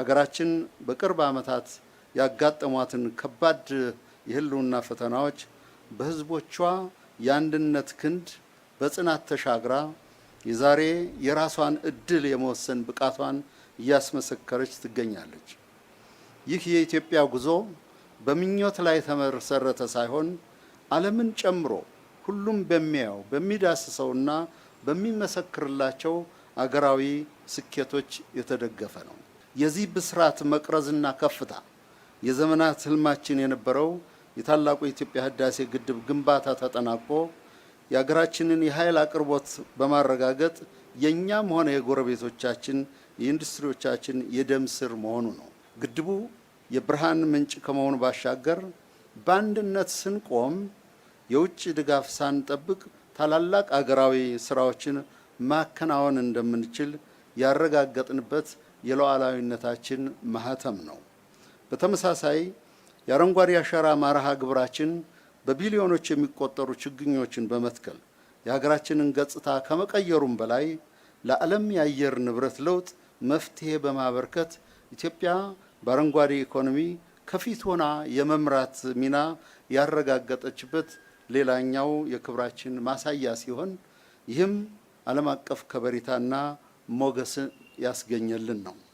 አገራችን በቅርብ ዓመታት ያጋጠሟትን ከባድ የህልውና ፈተናዎች በህዝቦቿ የአንድነት ክንድ በጽናት ተሻግራ የዛሬ የራሷን እድል የመወሰን ብቃቷን እያስመሰከረች ትገኛለች። ይህ የኢትዮጵያ ጉዞ በምኞት ላይ የተመሰረተ ሳይሆን ዓለምን ጨምሮ ሁሉም በሚያየው በሚዳስሰውና በሚመሰክርላቸው አገራዊ ስኬቶች የተደገፈ ነው። የዚህ ብስራት መቅረዝና ከፍታ የዘመናት ህልማችን የነበረው የታላቁ የኢትዮጵያ ህዳሴ ግድብ ግንባታ ተጠናቆ የሀገራችንን የኃይል አቅርቦት በማረጋገጥ የእኛም ሆነ የጎረቤቶቻችን የኢንዱስትሪዎቻችን የደም ስር መሆኑ ነው። ግድቡ የብርሃን ምንጭ ከመሆኑ ባሻገር በአንድነት ስንቆም የውጭ ድጋፍ ሳንጠብቅ ታላላቅ አገራዊ ስራዎችን ማከናወን እንደምንችል ያረጋገጥንበት የሉዓላዊነታችን ማህተም ነው። በተመሳሳይ የአረንጓዴ አሻራ መርሃ ግብራችን በቢሊዮኖች የሚቆጠሩ ችግኞችን በመትከል የሀገራችንን ገጽታ ከመቀየሩም በላይ ለዓለም የአየር ንብረት ለውጥ መፍትሄ በማበርከት ኢትዮጵያ በአረንጓዴ ኢኮኖሚ ከፊት ሆና የመምራት ሚና ያረጋገጠችበት ሌላኛው የክብራችን ማሳያ ሲሆን ይህም ዓለም አቀፍ ከበሬታና ሞገስን ያስገኘልን ነው።